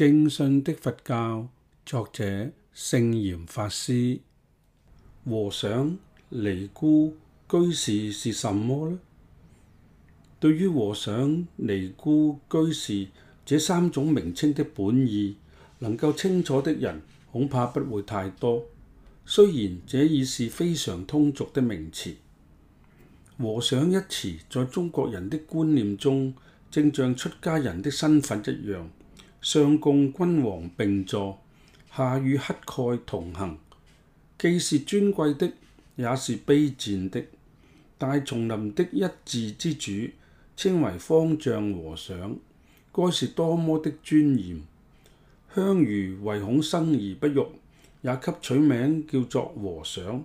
正信的佛教，作者聖嚴法師。和尚、尼姑、居士是什麼呢？對於和尚、尼姑、居士這三種名稱的本意，能夠清楚的人恐怕不會太多。雖然這已是非常通俗的名詞，和尚一詞在中國人的觀念中，正像出家人的身份一樣。上共君王並坐，下與乞丐同行，既是尊貴的，也是卑賤的。大叢林的一寺之主，稱為方丈和尚，該是多麼的尊嚴。鄉愚唯恐生而不育，也給取名叫做和尚。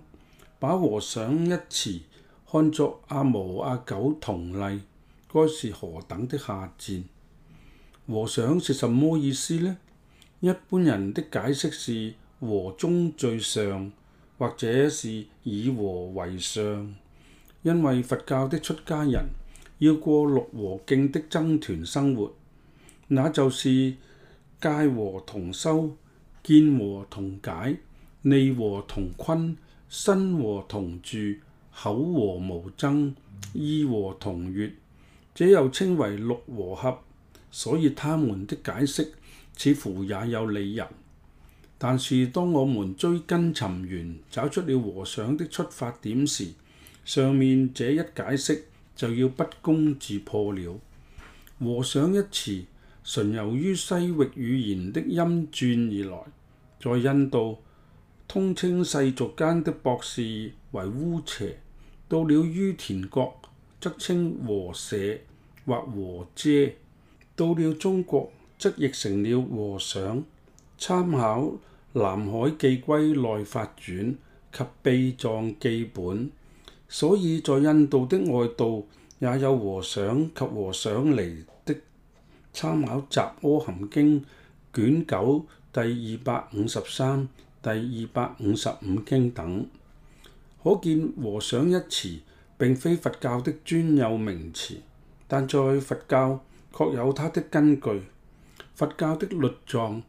把和尚一詞看作阿毛阿狗同例，該是何等的下賤！和尚是什麼意思呢？一般人的解釋是和中最上，或者是以和為上。因為佛教的出家人要過六和敬的僧團生活，那就是戒和同修、見和同解、利和同均、身和同住、口和無爭、意和同悅，這又稱為六和合。所以他們的解釋似乎也有理由，但是當我們追根尋源，找出了和尚的出發點時，上面這一解釋就要不攻自破了。和尚一詞純由於西域語言的音轉而來，在印度通稱世俗間的博士為烏邪，到了於田國則稱和舍或和遮。到了中國，則譯成了和尚，參考《南海寄歸內法傳》及《秘藏記本》，所以在印度的外道也有和尚及和尚尼的，參考《雜阿含經》卷九第二百五十三、第二百五十五經等。可見和尚一詞並非佛教的專有名詞，但在佛教確有他的根據。佛教的律藏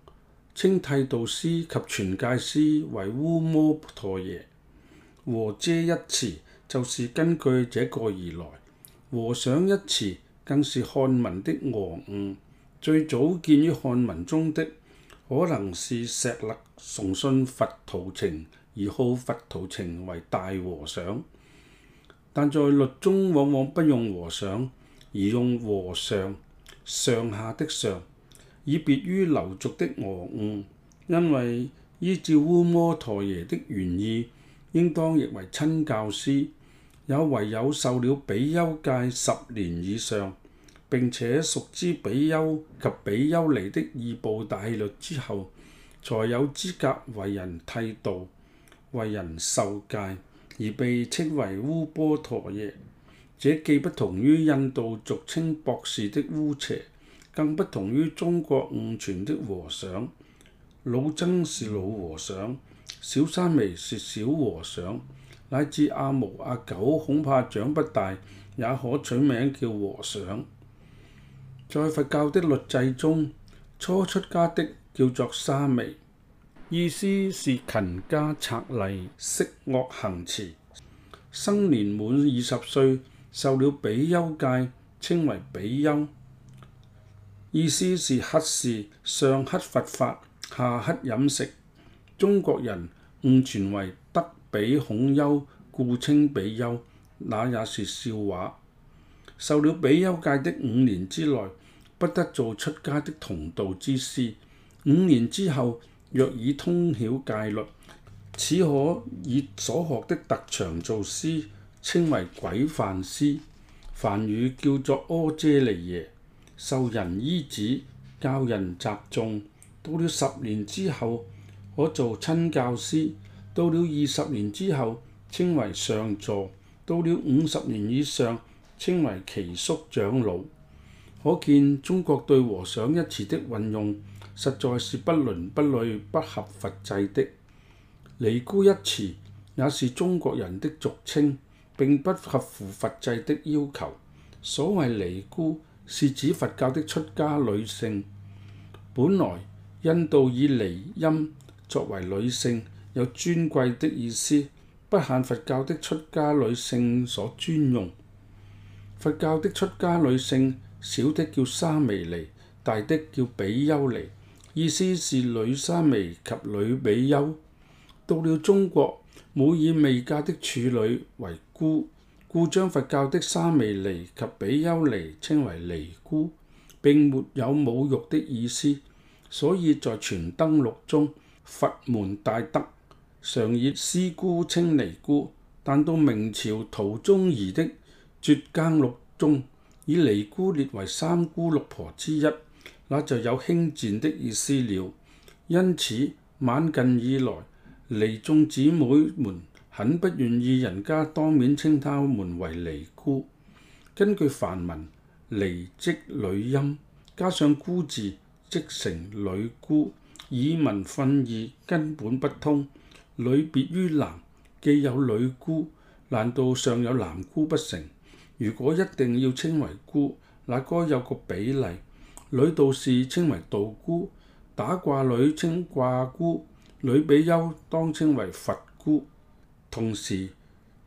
稱剃度師及傳戒師為烏摩陀耶，和遮一詞就是根據這個而來。和尚一詞更是漢文的訛誤，最早見於漢文中的可能是石勒崇信佛圖澄，而號佛圖澄為大和尚，但在律中往往不用和尚，而用和尚上下的上，以別於流俗的訛誤，因為依照烏摩陀耶的原意，應當譯為親教師，有唯有受了比丘戒十年以上，並且熟知比丘及比丘尼的二部大律之後，才有資格為人剃度、為人受戒，而被稱為烏波陀耶。這既不同於印度俗稱博士的烏邪，更不同於中國誤傳的和尚。老僧是老和尚，小沙彌是小和尚，乃至阿毛阿狗恐怕長不大，也可取名叫和尚。在佛教的律制中，初出家的叫做沙彌，意思是勤加策勵，息惡行慈。生年滿二十歲。受了比丘戒，稱為比丘，意思是乞士，上乞佛法，下乞飲食。中國人誤傳為德比孔丘，故稱比丘，那也是笑話。受了比丘戒的五年之內，不得做出家的同道之師。五年之後，若已通曉戒律，始可以所學的特長做師。稱為軌範師，梵語叫做阿闍梨耶，受人依止，教人習誦。到了十年之後，可做親教師；到了二十年之後，稱為上座；到了五十年以上，稱為耆宿長老。可見中國對和尚一詞的運用，實在是不倫不類、不合佛制的。尼姑一詞也是中國人的俗稱。並不合乎佛制的要求。所謂尼姑是指佛教的出家女性。本來，印度以尼音作為女性有尊貴的意思，不限佛教的出家女性所專用。佛教的出家女性，小的叫沙彌尼，大的叫比丘尼，意思是女沙彌及女比丘。到了中國。.冇以未嫁的處女為姑，故將佛教的沙彌尼及比丘尼稱為尼姑，並沒有侮辱的意思。所以在傳燈錄中，佛門大德常以師姑稱尼姑，但到明朝陶宗儀的《輟耕錄》中，以尼姑列為三姑六婆之一，那就有輕賤的意思了。因此晚近以來，尼眾姊妹們很不願意人家當面稱他們為尼姑。根據梵文，尼即女音，加上姑字，即成女姑。以文訓義，根本不通。女別於男，既有女姑，難道尚有男姑不成？如果一定要稱為姑，那該有個比例。女道士稱為道姑，打卦女稱卦姑。女比丘當稱為佛姑，同時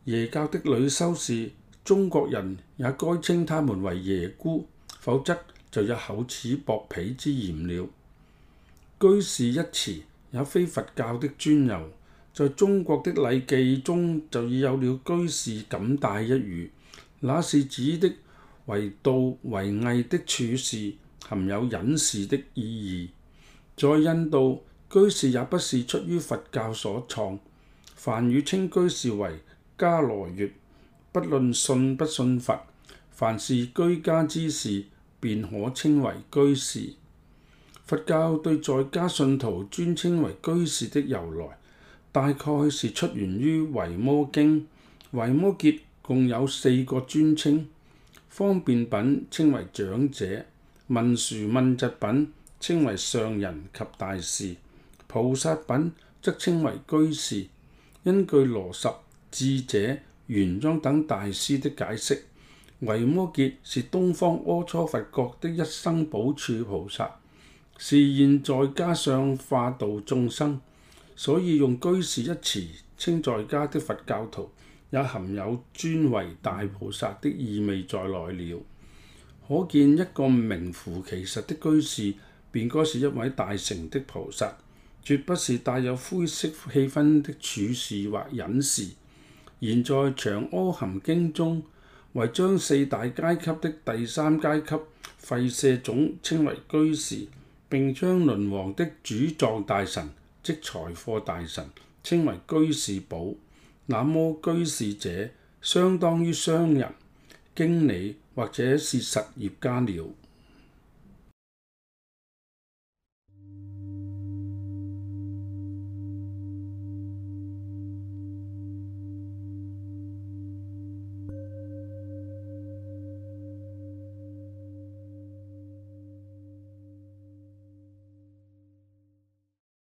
耶教的女修士，中國人也該稱他們為耶姑，否則就有厚此薄彼之嫌了。居士一詞也非佛教的專有，在中國的禮記中就已有了居士錦帶一語，那是指的為道為藝的處事，含有隱士的意義，在印度，居士也不是出於佛教所創，梵語稱居士為伽羅月，不論信不信佛，凡是居家之事，便可稱為居士。佛教對在家信徒尊稱為居士的由來，大概是出源於維摩經。維摩詰共有四個尊稱，方便品稱為長者，問殊問疾品稱為上人及大士。菩薩品則稱為居士，根據羅什、智者、玄奘等大師的解釋，維摩詰是東方阿閦佛國的一生補處菩薩，是現在加上化度眾生，所以用居士一詞稱在家的佛教徒，也含有尊為大菩薩的意味在內了。可見一個名副其實的居士，便該是一位大成的菩薩。絕不是帶有灰色氣氛的處事或隱士。現在長阿含經中，為將四大階級的第三階級廢社種稱為居士，並將輪王的主葬大臣，即財貨大臣，稱為居士寶。那麼居士者相當於商人、經理或者是實業家了。